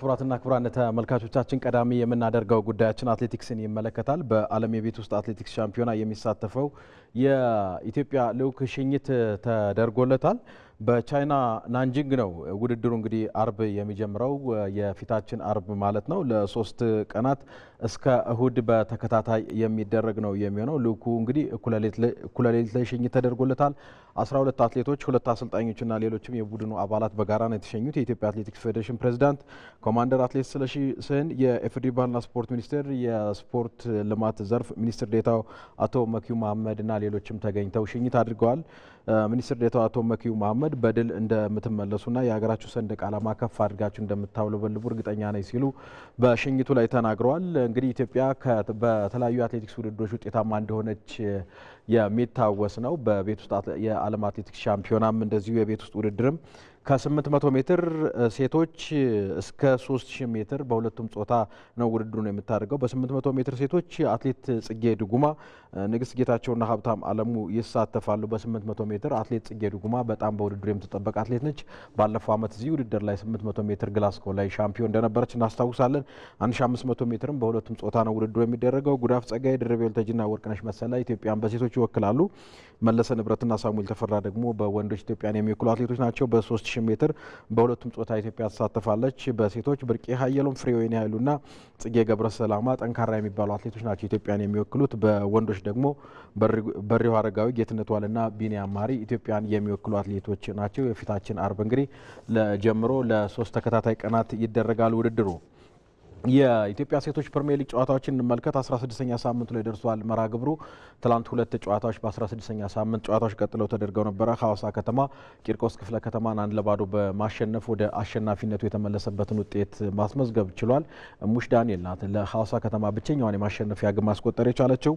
ክቡራትና ክቡራን ተመልካቾቻችን ቀዳሚ የምናደርገው ጉዳያችን አትሌቲክስን ይመለከታል። በዓለም የቤት ውስጥ አትሌቲክስ ሻምፒዮና የሚሳተፈው የኢትዮጵያ ልዑክ ሽኝት ተደርጎለታል። በቻይና ናንጂንግ ነው ውድድሩ እንግዲህ አርብ የሚጀምረው የፊታችን አርብ ማለት ነው። ለሶስት ቀናት እስከ እሁድ በተከታታይ የሚደረግ ነው የሚሆነው። ልዑኩ እንግዲህ እኩለ ሌሊት ላይ ሽኝት ተደርጎለታል። 12 አትሌቶች፣ ሁለት አሰልጣኞችና ሌሎችም የቡድኑ አባላት በጋራ ነው የተሸኙት። የኢትዮጵያ አትሌቲክስ ፌዴሬሽን ፕሬዚዳንት ኮማንደር አትሌት ስለሺ ስህን፣ የኢፌዴሪ ባህልና ስፖርት ሚኒስቴር የስፖርት ልማት ዘርፍ ሚኒስትር ዴታው አቶ መኪዩ መሀመድና ሌሎችም ተገኝተው ሽኝት አድርገዋል። ሚኒስትር ዴታው አቶ መኪዩ መሀመድ በድል እንደምትመለሱና የሀገራችሁ ሰንደቅ ዓላማ ከፍ አድርጋችሁ እንደምታውለበልቡ እርግጠኛ ነኝ ሲሉ በሽኝቱ ላይ ተናግረዋል። እንግዲህ ኢትዮጵያ በተለያዩ አትሌቲክስ ውድድሮች ውጤታማ እንደሆነች የሚታወስ ነው። በቤት ውስጥ የዓለም አትሌቲክስ ሻምፒዮናም እንደዚሁ የቤት ውስጥ ውድድርም ከ800 ሜትር ሴቶች እስከ 3000 ሜትር በሁለቱም ጾታ ነው ውድድሩን የምታደርገው። በ800 ሜትር ሴቶች አትሌት ጽጌ ድጉማ፣ ንግስት ጌታቸውና ሀብታም አለሙ ይሳተፋሉ። በ800 ሜትር አትሌት ጽጌ ድጉማ በጣም በውድድሩ የምትጠበቅ አትሌት ነች። ባለፈው ዓመት እዚህ ውድድር ላይ 800 ሜትር ግላስኮ ላይ ሻምፒዮን እንደነበረች እናስታውሳለን። 1500 ሜትርም በሁለቱም ጾታ ነው ውድድሩ የሚደረገው። ጉዳፍ ጸጋይ፣ ድርቤ ወልተጅና ወርቅነሽ መሰላ ኢትዮጵያን በሴቶች ይወክላሉ። መለሰ ንብረትና ሳሙኤል ተፈራ ደግሞ በወንዶች ኢትዮጵያን የሚወክሉ አትሌቶች ናቸው። በ3000 ሺህ ሜትር በሁለቱም ጾታ ኢትዮጵያ ትሳተፋለች። በሴቶች ብርቄ ሀየሎም ፍሬወይኒ ኃይሉና ጽጌ ገብረሰላማ ጠንካራ የሚባሉ አትሌቶች ናቸው ኢትዮጵያን የሚወክሉት። በወንዶች ደግሞ በሪሁ አረጋዊ፣ ጌትነት ዋልና ቢኒያም ማሪ ኢትዮጵያን የሚወክሉ አትሌቶች ናቸው። የፊታችን አርብ እንግዲህ ጀምሮ ለሶስት ተከታታይ ቀናት ይደረጋል ውድድሩ። የኢትዮጵያ ሴቶች ፕሪሚየር ሊግ ጨዋታዎችን እንመልከት። 16ኛ ሳምንቱ ላይ ደርሷል መራ ግብሩ። ትላንት ሁለት ጨዋታዎች በ16ኛ ሳምንት ጨዋታዎች ቀጥለው ተደርገው ነበረ። ሀዋሳ ከተማ ቂርቆስ ክፍለ ከተማን አንድ ለባዶ በማሸነፍ ወደ አሸናፊነቱ የተመለሰበትን ውጤት ማስመዝገብ ችሏል። ሙሽ ዳንኤል ናት ለሀዋሳ ከተማ ብቸኛዋን የማሸነፊያ ግብ ማስቆጠር የቻለችው።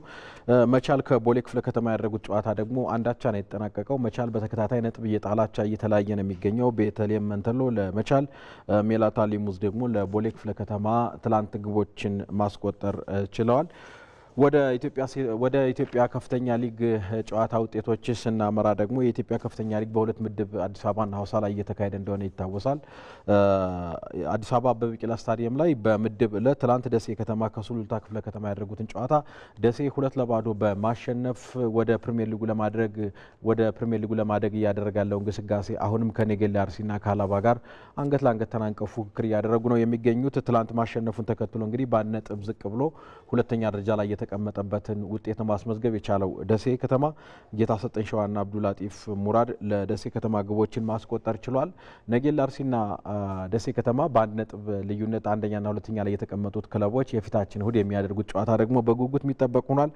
መቻል ከቦሌ ክፍለ ከተማ ያደረጉት ጨዋታ ደግሞ አንዳቻ ነው የተጠናቀቀው። መቻል በተከታታይ ነጥብ እየጣላቻ እየተለያየ ነው የሚገኘው። ቤተልሔም መንተሎ ለመቻል ሜላታሊሙዝ ደግሞ ለቦሌ ክፍለ ከተማ ትላንት ግቦችን ማስቆጠር ችለዋል። ወደ ኢትዮጵያ ከፍተኛ ሊግ ጨዋታ ውጤቶች ስናመራ ደግሞ የኢትዮጵያ ከፍተኛ ሊግ በሁለት ምድብ አዲስ አበባና ሀዋሳ ላይ እየተካሄደ እንደሆነ ይታወሳል። አዲስ አበባ አበበ ቢቂላ ስታዲየም ላይ በምድብ ለ ትላንት ደሴ ከተማ ከሱሉልታ ክፍለ ከተማ ያደረጉትን ጨዋታ ደሴ ሁለት ለባዶ በማሸነፍ ወደ ፕሪሚየር ሊጉ ለማድረግ ወደ ፕሪሚየር ሊጉ ለማደግ እያደረገ ያለው እንቅስቃሴ አሁንም ከነገሌ አርሲና ከሀላባ ጋር አንገት ለአንገት ተናንቀው ፉክክር እያደረጉ ነው የሚገኙት። ትላንት ማሸነፉን ተከትሎ እንግዲህ በአንድ ዝቅ ብሎ ሁለተኛ ደረጃ ላይ የተቀመጠበትን ውጤት ማስመዝገብ የቻለው። ደሴ ከተማ ጌታሰጠኝ ሸዋና አብዱላጢፍ ሙራድ ለደሴ ከተማ ግቦችን ማስቆጠር ችሏል። ነጌል አርሲና ደሴ ከተማ በአንድ ነጥብ ልዩነት አንደኛና ሁለተኛ ላይ የተቀመጡት ክለቦች የፊታችን እሁድ የሚያደርጉት ጨዋታ ደግሞ በጉጉት የሚጠበቅ ሆኗል።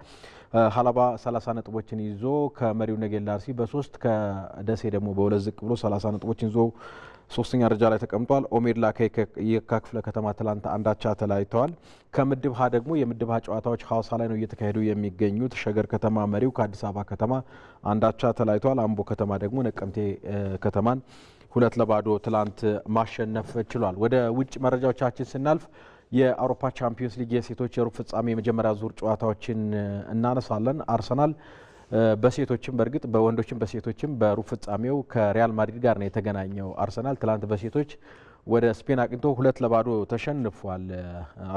ሀላባ 30 ነጥቦችን ይዞ ከመሪው ነጌል አርሲ በሶስት ከደሴ ደግሞ በሁለት ዝቅ ብሎ 30 ነጥቦችን ይዞ ሶስተኛ ደረጃ ላይ ተቀምጧል። ኦሜድላ ከየካ ክፍለ ከተማ ትላንት አንዳቻ ተለያይተዋል። ከምድብ ሀ ደግሞ የምድብ ሀ ጨዋታዎች ሀዋሳ ላይ ነው እየተካሄዱ የሚገኙት። ሸገር ከተማ መሪው ከአዲስ አበባ ከተማ አንዳቻ ተለያይተዋል። አምቦ ከተማ ደግሞ ነቀምቴ ከተማን ሁለት ለባዶ ትላንት ማሸነፍ ችሏል። ወደ ውጭ መረጃዎቻችን ስናልፍ የአውሮፓ ቻምፒዮንስ ሊግ የሴቶች የሩብ ፍጻሜ የመጀመሪያ ዙር ጨዋታዎችን እናነሳለን። አርሰናል በሴቶችም በእርግጥ በወንዶችም በሴቶችም በሩብ ፍጻሜው ከሪያል ማድሪድ ጋር ነው የተገናኘው። አርሰናል ትላንት በሴቶች ወደ ስፔን አቅንቶ ሁለት ለባዶ ተሸንፏል።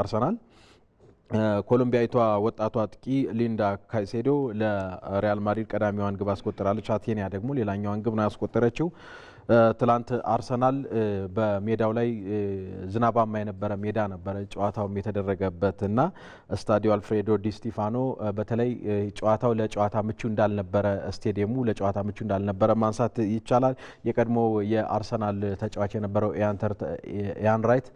አርሰናል ኮሎምቢያዊቷ ወጣቷ አጥቂ ሊንዳ ካይሴዶ ለሪያል ማድሪድ ቀዳሚዋን ግብ አስቆጠራለች። አቴኒያ ደግሞ ሌላኛዋን ግብ ነው ያስቆጠረችው። ትላንት አርሰናል በሜዳው ላይ ዝናባማ የነበረ ሜዳ ነበረ ጨዋታውም የተደረገበት እና ስታዲዮ አልፍሬዶ ዲስቲፋኖ በተለይ ጨዋታው ለጨዋታ ምቹ እንዳልነበረ ስቴዲየሙ ለጨዋታ ምቹ እንዳልነበረ ማንሳት ይቻላል። የቀድሞ የአርሰናል ተጫዋች የነበረው ኢያን ራይት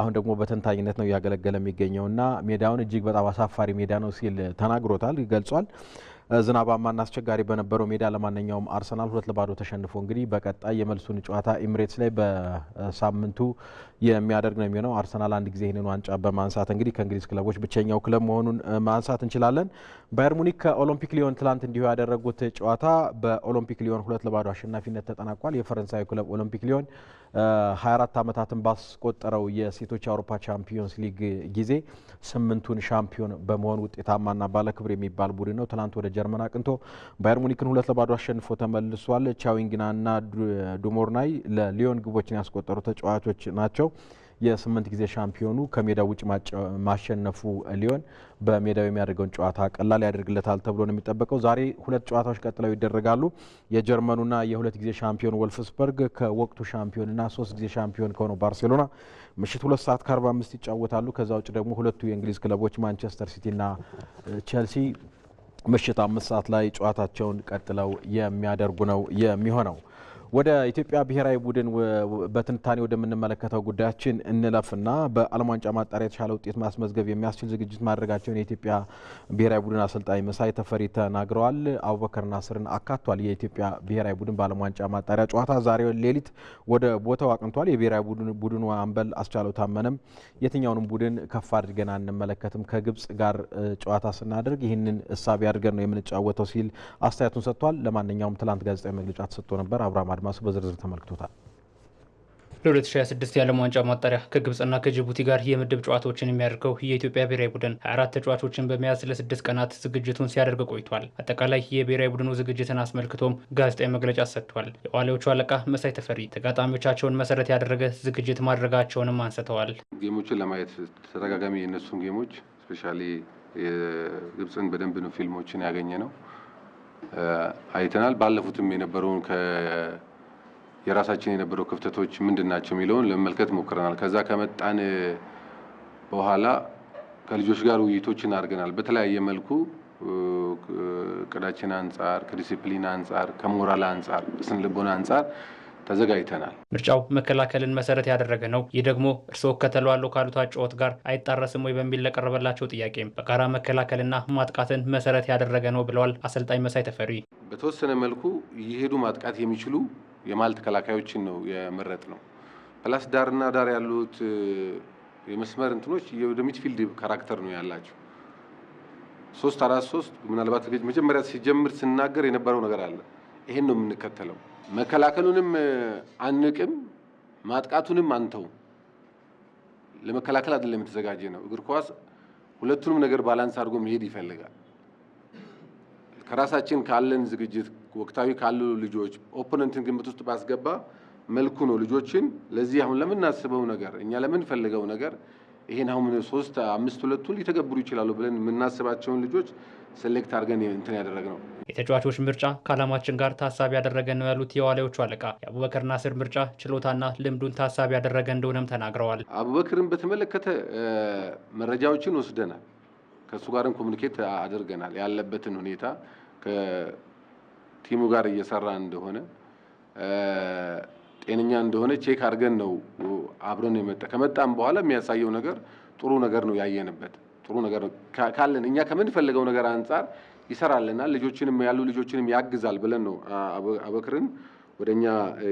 አሁን ደግሞ በተንታኝነት ነው እያገለገለ የሚገኘው እና ሜዳውን እጅግ በጣም አሳፋሪ ሜዳ ነው ሲል ተናግሮታል፣ ገልጿል። ዝናባማና አስቸጋሪ በነበረው ሜዳ ለማንኛውም አርሰናል ሁለት ለባዶ ተሸንፎ እንግዲህ በቀጣይ የመልሱን ጨዋታ ኤሚሬትስ ላይ በሳምንቱ የሚያደርግ ነው የሚሆነው። አርሰናል አንድ ጊዜ ይህንን ዋንጫ በማንሳት እንግዲህ ከእንግሊዝ ክለቦች ብቸኛው ክለብ መሆኑን ማንሳት እንችላለን። ባየር ሙኒክ ከኦሎምፒክ ሊዮን ትላንት እንዲሁ ያደረጉት ጨዋታ በኦሎምፒክ ሊዮን ሁለት ለባዶ አሸናፊነት ተጠናቋል። የፈረንሳዊ ክለብ ኦሎምፒክ ሊዮን 24 ዓመታትን ባስቆጠረው የሴቶች አውሮፓ ቻምፒዮንስ ሊግ ጊዜ ስምንቱን ሻምፒዮን በመሆን ውጤታማና ባለክብር የሚባል ቡድን ነው። ትላንት ወደ ጀርመን አቅንቶ ባየር ሙኒክን ሁለት ለባዶ አሸንፎ ተመልሷል። ቻዊንግናና ዱሞርናይ ለሊዮን ግቦችን ያስቆጠሩ ተጫዋቾች ናቸው። ናቸው። የስምንት ጊዜ ሻምፒዮኑ ከሜዳ ውጭ ማሸነፉ ሊዮን በሜዳው የሚያደርገውን ጨዋታ ቀላል ያደርግለታል ተብሎ ነው የሚጠበቀው። ዛሬ ሁለት ጨዋታዎች ቀጥለው ይደረጋሉ። የጀርመኑና የሁለት ጊዜ ሻምፒዮን ወልፍስበርግ ከወቅቱ ሻምፒዮንና ሶስት ጊዜ ሻምፒዮን ከሆነው ባርሴሎና ምሽት ሁለት ሰዓት ከአርባ አምስት ይጫወታሉ። ከዛ ውጭ ደግሞ ሁለቱ የእንግሊዝ ክለቦች ማንቸስተር ሲቲና ቸልሲ ምሽት አምስት ሰዓት ላይ ጨዋታቸውን ቀጥለው የሚያደርጉ ነው የሚሆነው። ወደ ኢትዮጵያ ብሔራዊ ቡድን በትንታኔ ወደምንመለከተው ጉዳያችን እንለፍና በዓለም ዋንጫ ማጣሪያ የተሻለ ውጤት ማስመዝገብ የሚያስችል ዝግጅት ማድረጋቸውን የኢትዮጵያ ብሔራዊ ቡድን አሰልጣኝ መሳይ ተፈሪ ተናግረዋል። አቡበከር ናስርን አካቷል። የኢትዮጵያ ብሔራዊ ቡድን በዓለም ዋንጫ ማጣሪያ ጨዋታ ዛሬ ሌሊት ወደ ቦታው አቅንቷል። የብሔራዊ ቡድኑ አምበል አስቻለው ታመነም የትኛውንም ቡድን ከፍ አድርገን አንመለከትም፣ ከግብጽ ጋር ጨዋታ ስናደርግ ይህንን እሳቤ አድርገን ነው የምንጫወተው ሲል አስተያየቱን ሰጥቷል። ለማንኛውም ትላንት ጋዜጣዊ መግለጫ ተሰጥቶ ነበር። አብርሃም አድማሱ በዝርዝር ተመልክቶታል። ለ2026 የዓለም ዋንጫ ማጣሪያ ከግብፅና ከጅቡቲ ጋር የምድብ ጨዋታዎችን የሚያደርገው የኢትዮጵያ ብሔራዊ ቡድን 24 ተጫዋቾችን በመያዝ ለስድስት ቀናት ዝግጅቱን ሲያደርግ ቆይቷል። አጠቃላይ የብሔራዊ ቡድኑ ዝግጅትን አስመልክቶም ጋዜጣዊ መግለጫ ሰጥቷል። የዋሊያዎቹ አለቃ መሳይ ተፈሪ ተጋጣሚዎቻቸውን መሰረት ያደረገ ዝግጅት ማድረጋቸውንም አንስተዋል። ጌሞችን ለማየት ተደጋጋሚ የእነሱን ጌሞች ስፔሻሊ የግብፅን በደንብ ነው ፊልሞችን ያገኘ ነው አይተናል። ባለፉትም የነበረውን የራሳችን የነበረው ክፍተቶች ምንድን ናቸው የሚለውን ለመመልከት ሞክረናል። ከዛ ከመጣን በኋላ ከልጆች ጋር ውይይቶችን አድርገናል። በተለያየ መልኩ ቅዳችን አንጻር፣ ከዲሲፕሊን አንጻር፣ ከሞራል አንጻር፣ ስነ ልቦና አንጻር ተዘጋጅተናል። ምርጫው መከላከልን መሰረት ያደረገ ነው። ይህ ደግሞ እርስዎ ከተለዋለው ካሉት አጨዋወት ጋር አይጣረስም ወይ በሚል ለቀረበላቸው ጥያቄም በጋራ መከላከልና ማጥቃትን መሰረት ያደረገ ነው ብለዋል አሰልጣኝ መሳይ ተፈሪ። በተወሰነ መልኩ እየሄዱ ማጥቃት የሚችሉ የማል ተከላካዮችን ነው የመረጥ ነው። ፕላስ ዳርና ዳር ያሉት የመስመር እንትኖች ወደ ሚድፊልድ ካራክተር ነው ያላቸው። ሶስት አራት ሶስት ምናልባት መጀመሪያ ሲጀምር ስናገር የነበረው ነገር አለ። ይሄን ነው የምንከተለው። መከላከሉንም አንቅም፣ ማጥቃቱንም አንተው። ለመከላከል አይደለም የተዘጋጀ ነው። እግር ኳስ ሁለቱንም ነገር ባላንስ አድርጎ መሄድ ይፈልጋል። ከራሳችን ካለን ዝግጅት ወቅታዊ ካሉ ልጆች ኦፖነንትን ግምት ውስጥ ባስገባ መልኩ ነው ልጆችን ለዚህ አሁን ለምናስበው ነገር እኛ ለምንፈልገው ነገር ይሄን አሁን ሶስት አምስት ሁለቱን ሊተገብሩ ይችላሉ ብለን የምናስባቸውን ልጆች ሴሌክት አድርገን እንትን ያደረግ ነው። የተጫዋቾች ምርጫ ከዓላማችን ጋር ታሳቢ ያደረገ ነው ያሉት የዋሊያዎቹ አለቃ የአቡበክር ናስር ምርጫ ችሎታና ልምዱን ታሳቢ ያደረገ እንደሆነም ተናግረዋል። አቡበክርን በተመለከተ መረጃዎችን ወስደናል። ከእሱ ጋርን ኮሚኒኬት አድርገናል ያለበትን ሁኔታ ቲሙ ጋር እየሰራ እንደሆነ ጤነኛ እንደሆነ ቼክ አድርገን ነው አብረን የመጣ ከመጣም በኋላ የሚያሳየው ነገር ጥሩ ነገር ነው ያየንበት ጥሩ ነገር ካለን እኛ ከምንፈልገው ነገር አንጻር ይሰራልናል ልጆችንም ያሉ ልጆችንም ያግዛል ብለን ነው አበክርን ወደኛ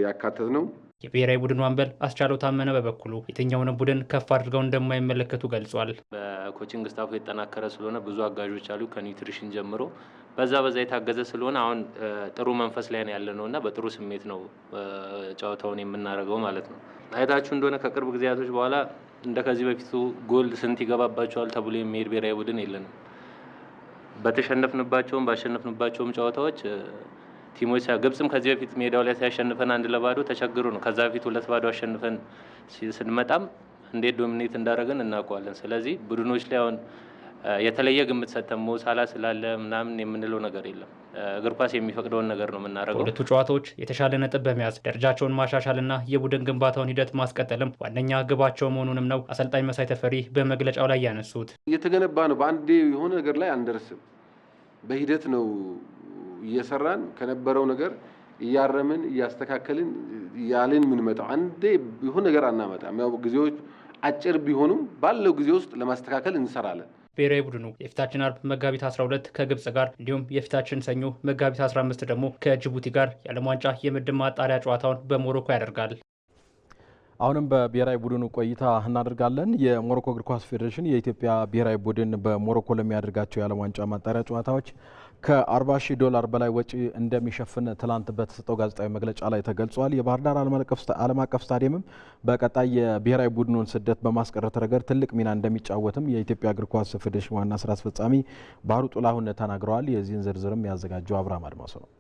ያካተት ነው። የብሔራዊ ቡድን አምበል አስቻለው ታመነ በበኩሉ የትኛውንም ቡድን ከፍ አድርገው እንደማይመለከቱ ገልጿል። በኮችንግ ስታፉ የጠናከረ ስለሆነ ብዙ አጋዦች አሉ፣ ከኒውትሪሽን ጀምሮ በዛ በዛ የታገዘ ስለሆነ አሁን ጥሩ መንፈስ ላይ ነው ያለ ነው እና በጥሩ ስሜት ነው ጨዋታውን የምናደርገው ማለት ነው። አይታችሁ እንደሆነ ከቅርብ ጊዜያቶች በኋላ እንደ ከዚህ በፊቱ ጎል ስንት ይገባባቸዋል ተብሎ የሚሄድ ብሔራዊ ቡድን የለንም። በተሸነፍንባቸውም ባሸነፍንባቸውም ጨዋታዎች ቲሞች ግብጽም ከዚህ በፊት ሜዳው ላይ ሲያሸንፈን አንድ ለባዶ ተቸግሩ ነው። ከዛ በፊት ሁለት ባዶ አሸንፈን ስንመጣም እንዴት ዶሚኔት እንዳደረገን እናውቀዋለን። ስለዚህ ቡድኖች ላይ አሁን የተለየ ግምት ሰጥተን ሞሳላ ስላለ ምናምን የምንለው ነገር የለም። እግር ኳስ የሚፈቅደውን ነገር ነው የምናደርገው። ሁለቱ ጨዋታዎች የተሻለ ነጥብ በመያዝ ደረጃቸውን ማሻሻልና የቡድን ግንባታውን ሂደት ማስቀጠልም ዋነኛ ግባቸው መሆኑንም ነው አሰልጣኝ መሳይ ተፈሪ በመግለጫው ላይ ያነሱት። እየተገነባ ነው። በአንዴ የሆነ ነገር ላይ አንደርስም። በሂደት ነው እየሰራን ከነበረው ነገር እያረምን እያስተካከልን ያልን የምንመጣው አንዴ ቢሆን ነገር አናመጣም። ያው ጊዜዎች አጭር ቢሆኑም ባለው ጊዜ ውስጥ ለማስተካከል እንሰራለን። ብሔራዊ ቡድኑ የፊታችን አርብ መጋቢት 12 ከግብፅ ጋር እንዲሁም የፊታችን ሰኞ መጋቢት 15 ደግሞ ከጅቡቲ ጋር የዓለም ዋንጫ የምድብ ማጣሪያ ጨዋታውን በሞሮኮ ያደርጋል። አሁንም በብሔራዊ ቡድኑ ቆይታ እናደርጋለን። የሞሮኮ እግር ኳስ ፌዴሬሽን የኢትዮጵያ ብሔራዊ ቡድን በሞሮኮ ለሚያደርጋቸው የዓለም ዋንጫ ማጣሪያ ጨዋታዎች ከ40 ሺህ ዶላር በላይ ወጪ እንደሚሸፍን ትላንት በተሰጠው ጋዜጣዊ መግለጫ ላይ ተገልጿል። የባህር ዳር ዓለም አቀፍ ስታዲየምም በቀጣይ የብሔራዊ ቡድኑን ስደት በማስቀረት ረገድ ትልቅ ሚና እንደሚጫወትም የኢትዮጵያ እግር ኳስ ፌዴሬሽን ዋና ስራ አስፈጻሚ ባህሩ ጥላሁን ተናግረዋል። የዚህን ዝርዝርም ያዘጋጀው አብርሃም አድማሱ ነው።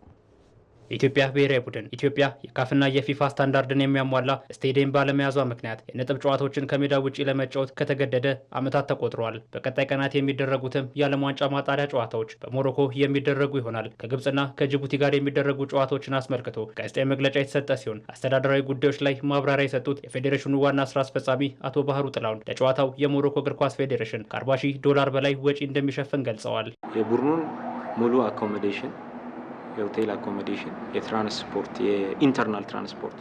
የኢትዮጵያ ብሔራዊ ቡድን ኢትዮጵያ የካፍና የፊፋ ስታንዳርድን የሚያሟላ ስቴዲየም ባለመያዟ ምክንያት የነጥብ ጨዋታዎችን ከሜዳ ውጪ ለመጫወት ከተገደደ ዓመታት ተቆጥሯል። በቀጣይ ቀናት የሚደረጉትም የዓለም ዋንጫ ማጣሪያ ጨዋታዎች በሞሮኮ የሚደረጉ ይሆናል። ከግብፅና ከጅቡቲ ጋር የሚደረጉ ጨዋታዎችን አስመልክቶ ጋዜጣዊ መግለጫ የተሰጠ ሲሆን አስተዳደራዊ ጉዳዮች ላይ ማብራሪያ የሰጡት የፌዴሬሽኑ ዋና ስራ አስፈጻሚ አቶ ባህሩ ጥላውን ለጨዋታው የሞሮኮ እግር ኳስ ፌዴሬሽን ከ40 ሺህ ዶላር በላይ ወጪ እንደሚሸፍን ገልጸዋል። የቡድኑን ሙሉ አኮሞዴሽን የሆቴል አኮሞዴሽን፣ የትራንስፖርት የኢንተርናል ትራንስፖርት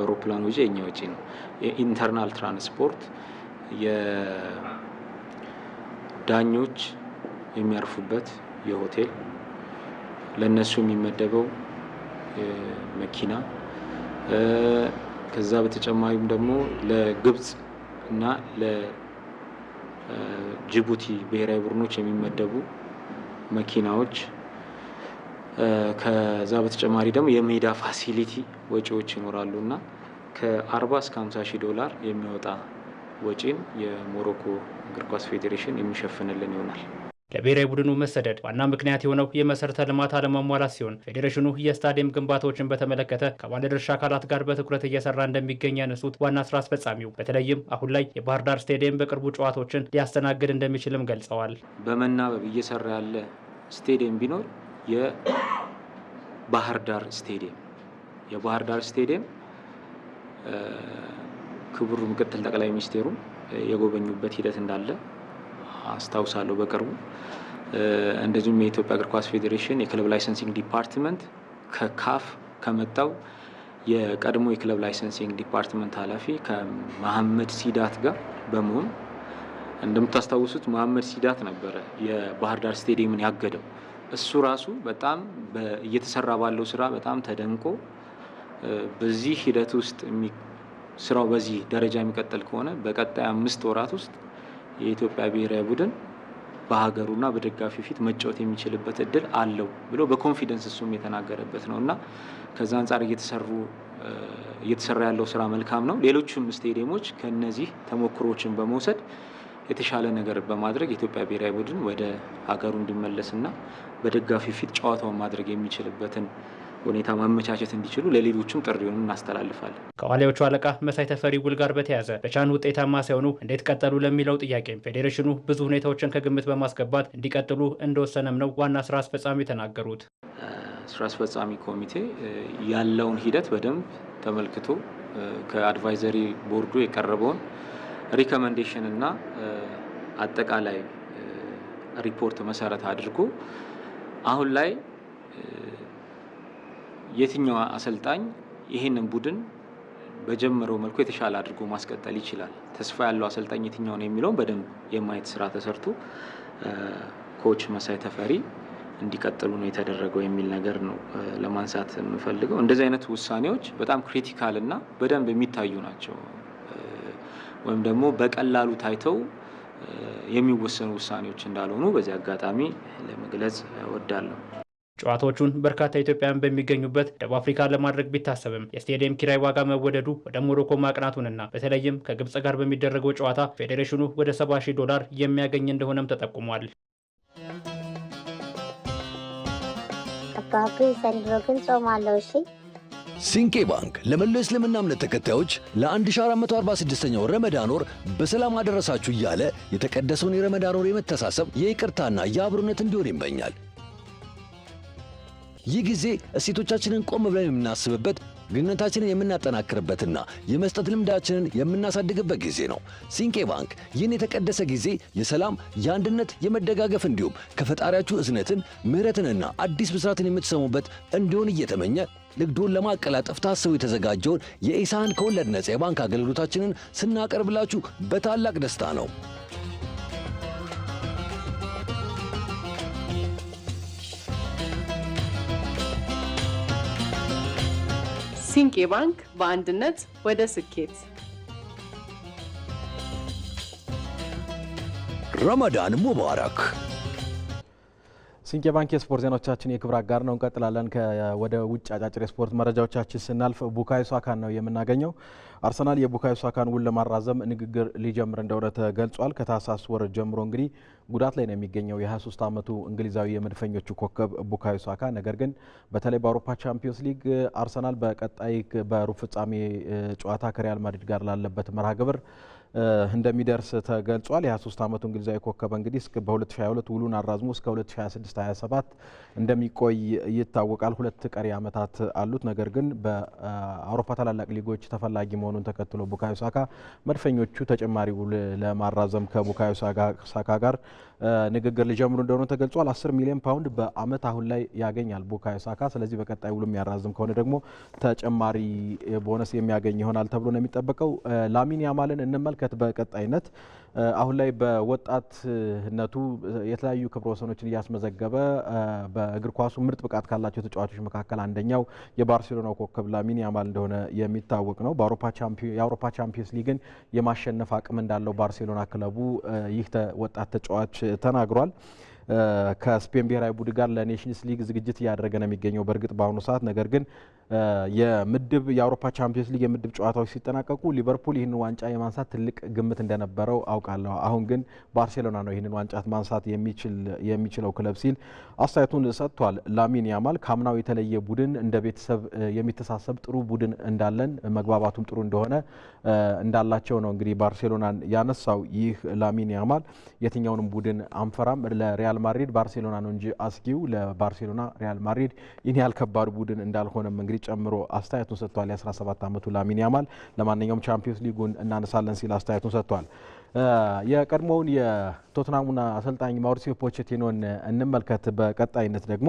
አውሮፕላን ውጪ የኛ ወጪ ነው። የኢንተርናል ትራንስፖርት የዳኞች የሚያርፉበት የሆቴል ለእነሱ የሚመደበው መኪና ከዛ በተጨማሪም ደግሞ ለግብፅ እና ለጅቡቲ ብሔራዊ ቡድኖች የሚመደቡ መኪናዎች ከዛ በተጨማሪ ደግሞ የሜዳ ፋሲሊቲ ወጪዎች ይኖራሉ እና ከ40 እስከ 50 ሺህ ዶላር የሚወጣ ወጪን የሞሮኮ እግር ኳስ ፌዴሬሽን የሚሸፍንልን ይሆናል። ለብሔራዊ ቡድኑ መሰደድ ዋና ምክንያት የሆነው የመሰረተ ልማት አለመሟላት ሲሆን ፌዴሬሽኑ የስታዲየም ግንባታዎችን በተመለከተ ከባለድርሻ አካላት ጋር በትኩረት እየሰራ እንደሚገኝ ያነሱት ዋና ስራ አስፈጻሚው በተለይም አሁን ላይ የባህር ዳር ስታዲየም በቅርቡ ጨዋታዎችን ሊያስተናግድ እንደሚችልም ገልጸዋል። በመናበብ እየሰራ ያለ ስታዲየም ቢኖር የባህር ዳር ስቴዲየም የባህር ዳር ስቴዲየም ክቡር ምክትል ጠቅላይ ሚኒስቴሩ የጎበኙበት ሂደት እንዳለ አስታውሳለሁ በቅርቡ። እንደዚሁም የኢትዮጵያ እግር ኳስ ፌዴሬሽን የክለብ ላይሰንሲንግ ዲፓርትመንት ከካፍ ከመጣው የቀድሞ የክለብ ላይሰንሲንግ ዲፓርትመንት ኃላፊ ከመሐመድ ሲዳት ጋር በመሆን እንደምታስታውሱት መሐመድ ሲዳት ነበረ የባህር ዳር ስቴዲየምን ያገደው። እሱ ራሱ በጣም እየተሰራ ባለው ስራ በጣም ተደንቆ በዚህ ሂደት ውስጥ ስራው በዚህ ደረጃ የሚቀጥል ከሆነ በቀጣይ አምስት ወራት ውስጥ የኢትዮጵያ ብሔራዊ ቡድን በሀገሩና በደጋፊው ፊት መጫወት የሚችልበት እድል አለው ብሎ በኮንፊደንስ እሱም የተናገረበት ነው እና ከዛ አንጻር እየተሰሩ እየተሰራ ያለው ስራ መልካም ነው። ሌሎችም ስቴዲየሞች ከነዚህ ተሞክሮዎችን በመውሰድ የተሻለ ነገር በማድረግ የኢትዮጵያ ብሔራዊ ቡድን ወደ ሀገሩ እንዲመለስና በደጋፊ ፊት ጨዋታውን ማድረግ የሚችልበትን ሁኔታ ማመቻቸት እንዲችሉ ለሌሎችም ጥሪውን እናስተላልፋለን። ከዋሊያዎቹ አለቃ መሳይ ተፈሪ ውል ጋር በተያያዘ በቻን ውጤታማ ሳይሆኑ እንዴት ቀጠሉ ለሚለው ጥያቄ ፌዴሬሽኑ ብዙ ሁኔታዎችን ከግምት በማስገባት እንዲቀጥሉ እንደወሰነም ነው ዋና ስራ አስፈጻሚ የተናገሩት። ስራ አስፈጻሚ ኮሚቴ ያለውን ሂደት በደንብ ተመልክቶ ከአድቫይዘሪ ቦርዱ የቀረበውን ሪከመንዴሽን እና አጠቃላይ ሪፖርት መሰረት አድርጎ አሁን ላይ የትኛው አሰልጣኝ ይህንን ቡድን በጀመረው መልኩ የተሻለ አድርጎ ማስቀጠል ይችላል፣ ተስፋ ያለው አሰልጣኝ የትኛው ነው የሚለውን በደንብ የማየት ስራ ተሰርቶ ኮች መሳይ ተፈሪ እንዲቀጥሉ ነው የተደረገው የሚል ነገር ነው ለማንሳት የምፈልገው። እንደዚህ አይነት ውሳኔዎች በጣም ክሪቲካል እና በደንብ የሚታዩ ናቸው። ወይም ደግሞ በቀላሉ ታይተው የሚወሰኑ ውሳኔዎች እንዳልሆኑ በዚህ አጋጣሚ ለመግለጽ እወዳለሁ። ጨዋታዎቹን በርካታ ኢትዮጵያውያን በሚገኙበት ደቡብ አፍሪካ ለማድረግ ቢታሰብም የስቴዲየም ኪራይ ዋጋ መወደዱ ወደ ሞሮኮ ማቅናቱንና በተለይም ከግብፅ ጋር በሚደረገው ጨዋታ ፌዴሬሽኑ ወደ 70 ሺህ ዶላር የሚያገኝ እንደሆነም ተጠቁሟል። አባቢ ዘንድሮ ግን ጾም አለው። እሺ ሲንቄ ባንክ ለመላው የእስልምና እምነት ተከታዮች ለ1446ኛው ረመዳን ወር በሰላም አደረሳችሁ እያለ የተቀደሰውን የረመዳን ወር የመተሳሰብ የይቅርታና የአብሮነት እንዲሆን ይመኛል። ይህ ጊዜ እሴቶቻችንን ቆም ብለን የምናስብበት ግንኙነታችንን የምናጠናክርበትና የመስጠት ልምዳችንን የምናሳድግበት ጊዜ ነው። ሲንቄ ባንክ ይህን የተቀደሰ ጊዜ የሰላም፣ የአንድነት፣ የመደጋገፍ እንዲሁም ከፈጣሪያችሁ እዝነትን፣ ምሕረትንና አዲስ ብስራትን የምትሰሙበት እንዲሆን እየተመኘ ንግዱን ለማቀላጠፍ ታስቡ የተዘጋጀውን የኢሳን ከወለድ ነጻ የባንክ አገልግሎታችንን ስናቀርብላችሁ በታላቅ ደስታ ነው። ሲንቄ ባንክ በአንድነት ወደ ስኬት ረመዳን ሙባረክ ሲንቄ ባንክ የስፖርት ዜናዎቻችን የክብር አጋር ነው። እንቀጥላለን። ወደ ውጭ አጫጭር የስፖርት መረጃዎቻችን ስናልፍ ቡካዮ ሳካን ነው የምናገኘው። አርሰናል የቡካዮ ሳካን ውል ለማራዘም ንግግር ሊጀምር እንደሆነ ተገልጿል። ከታህሳስ ወር ጀምሮ እንግዲህ ጉዳት ላይ ነው የሚገኘው የ23 ዓመቱ እንግሊዛዊ የመድፈኞቹ ኮከብ ቡካዮ ሳካ። ነገር ግን በተለይ በአውሮፓ ቻምፒዮንስ ሊግ አርሰናል በቀጣይ በሩብ ፍጻሜ ጨዋታ ከሪያል ማድሪድ ጋር ላለበት መርሃ ግብር እንደሚደርስ ተገልጿል። የ23 ዓመቱ እንግሊዛዊ ኮከብ እንግዲህ በ2022 ውሉን አራዝሞ እስከ 2026/27 እንደሚቆይ ይታወቃል። ሁለት ቀሪ ዓመታት አሉት። ነገር ግን በአውሮፓ ታላላቅ ሊጎች ተፈላጊ መሆኑን ተከትሎ ቡካዮ ሳካ መድፈኞቹ ተጨማሪ ውል ለማራዘም ከቡካዮ ሳካ ጋር ንግግር ሊጀምሩ እንደሆነ ተገልጿል። 10 ሚሊዮን ፓውንድ በአመት አሁን ላይ ያገኛል ቡካዮ ሳካ። ስለዚህ በቀጣይ ውሉ የሚያራዝም ከሆነ ደግሞ ተጨማሪ ቦነስ የሚያገኝ ይሆናል ተብሎ ነው የሚጠበቀው። ላሚን ያማልን እንመልከት በቀጣይነት አሁን ላይ በወጣትነቱ የተለያዩ ክብረ ወሰኖችን እያስመዘገበ በእግር ኳሱ ምርጥ ብቃት ካላቸው ተጫዋቾች መካከል አንደኛው የባርሴሎና ኮከብ ላሚን ያማል እንደሆነ የሚታወቅ ነው። የአውሮፓ ቻምፒዮንስ ሊግን የማሸነፍ አቅም እንዳለው ባርሴሎና ክለቡ ይህ ወጣት ተጫዋች ተናግሯል። ከስፔን ብሔራዊ ቡድን ጋር ለኔሽንስ ሊግ ዝግጅት እያደረገ ነው የሚገኘው በእርግጥ በአሁኑ ሰዓት ነገር ግን የምድብ የአውሮፓ ቻምፒዮንስ ሊግ የምድብ ጨዋታዎች ሲጠናቀቁ ሊቨርፑል ይህንን ዋንጫ የማንሳት ትልቅ ግምት እንደነበረው አውቃለሁ። አሁን ግን ባርሴሎና ነው ይህንን ዋንጫ ማንሳት የሚችለው ክለብ ሲል አስተያየቱን ሰጥቷል። ላሚን ያማል ካምናው የተለየ ቡድን እንደ ቤተሰብ የሚተሳሰብ ጥሩ ቡድን እንዳለን መግባባቱም ጥሩ እንደሆነ እንዳላቸው ነው እንግዲህ ባርሴሎናን ያነሳው ይህ ላሚን ያማል የትኛውንም ቡድን አንፈራም፣ ለሪያል ማድሪድ ባርሴሎና ነው እንጂ አስጊው ለባርሴሎና ሪያል ማድሪድ ይህን ያህል ከባድ ቡድን እንዳልሆነም እንግዲህ ጨምሮ አስተያየቱን ሰጥቷል። የ17 ዓመቱ ላሚን ያማል ለማንኛውም ቻምፒዮንስ ሊጉን እናነሳለን ሲል አስተያየቱን ሰጥቷል። የቀድሞውን የቶትናሙና አሰልጣኝ ማውሪሲዮ ፖቼቲኖን እንመልከት። በቀጣይነት ደግሞ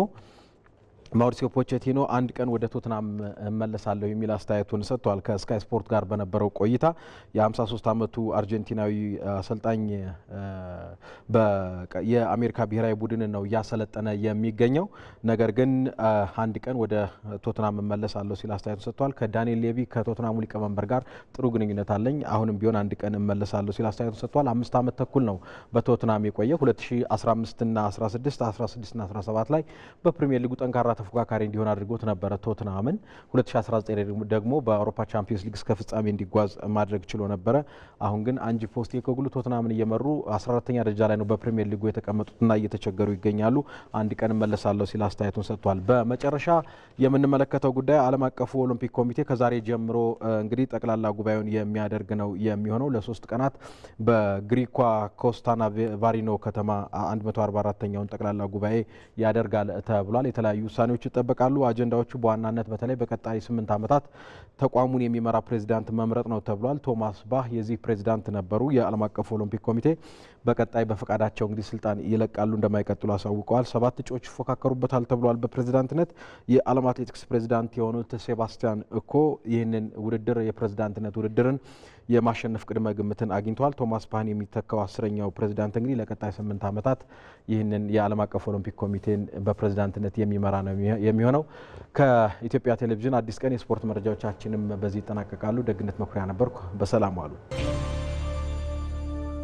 ማውሪሲዮ ፖቼቲኖ አንድ ቀን ወደ ቶትናም እመለሳለሁ የሚል አስተያየቱን ሰጥቷል። ከስካይ ስፖርት ጋር በነበረው ቆይታ የ53 ዓመቱ አርጀንቲናዊ አሰልጣኝ የአሜሪካ ብሔራዊ ቡድን ነው እያሰለጠነ የሚገኘው። ነገር ግን አንድ ቀን ወደ ቶትናም እመለሳለሁ ሲል አስተያየቱን ሰጥቷል። ከዳንኤል ሌቪ ከቶትናሙ ሊቀመንበር ጋር ጥሩ ግንኙነት አለኝ። አሁንም ቢሆን አንድ ቀን እመለሳለሁ ሲል አስተያየቱን ሰጥቷል። አምስት ዓመት ተኩል ነው በቶትናም የቆየ 2015ና 16 16ና 17 ላይ በፕሪሚየር ሊጉ ጠንካራ ተፎካካሪ እንዲሆን አድርጎት ነበረ ቶትናምን 2019 ደግሞ በአውሮፓ ቻምፒዮንስ ሊግ እስከ ፍጻሜ እንዲጓዝ ማድረግ ችሎ ነበረ። አሁን ግን አንጅ ፖስቴኮግሉ ቶትናምን እየመሩ 14ተኛ ደረጃ ላይ ነው በፕሪሚየር ሊጉ የተቀመጡትና እየተቸገሩ ይገኛሉ። አንድ ቀን መለሳለሁ ሲል አስተያየቱን ሰጥቷል። በመጨረሻ የምንመለከተው ጉዳይ ዓለም አቀፉ ኦሎምፒክ ኮሚቴ ከዛሬ ጀምሮ እንግዲህ ጠቅላላ ጉባኤውን የሚያደርግ ነው የሚሆነው ለሶስት ቀናት በግሪኳ ኮስታና ቫሪኖ ከተማ 144ኛውን ጠቅላላ ጉባኤ ያደርጋል ተብሏል። የተለያዩ ውሳኔዎች ይጠበቃሉ። አጀንዳዎቹ በዋናነት በተለይ በቀጣይ ስምንት ዓመታት ተቋሙን የሚመራ ፕሬዚዳንት መምረጥ ነው ተብሏል። ቶማስ ባህ የዚህ ፕሬዚዳንት ነበሩ። የዓለም አቀፍ ኦሎምፒክ ኮሚቴ በቀጣይ በፈቃዳቸው እንግዲህ ስልጣን ይለቃሉ፣ እንደማይቀጥሉ አሳውቀዋል። ሰባት እጩዎች ይፎካከሩበታል ተብሏል በፕሬዚዳንትነት። የዓለም አትሌቲክስ ፕሬዚዳንት የሆኑት ሴባስቲያን እኮ ይህንን ውድድር የፕሬዚዳንትነት ውድድርን የማሸነፍ ቅድመ ግምትን አግኝተዋል። ቶማስ ፓህን የሚተካው አስረኛው ፕሬዚዳንት እንግዲህ ለቀጣይ ስምንት ዓመታት ይህንን የዓለም አቀፍ ኦሎምፒክ ኮሚቴን በፕሬዚዳንትነት የሚመራ ነው የሚሆነው። ከኢትዮጵያ ቴሌቪዥን አዲስ ቀን የስፖርት መረጃዎቻችንም በዚህ ይጠናቀቃሉ። ደግነት መኩሪያ ነበርኩ። በሰላም ዋሉ።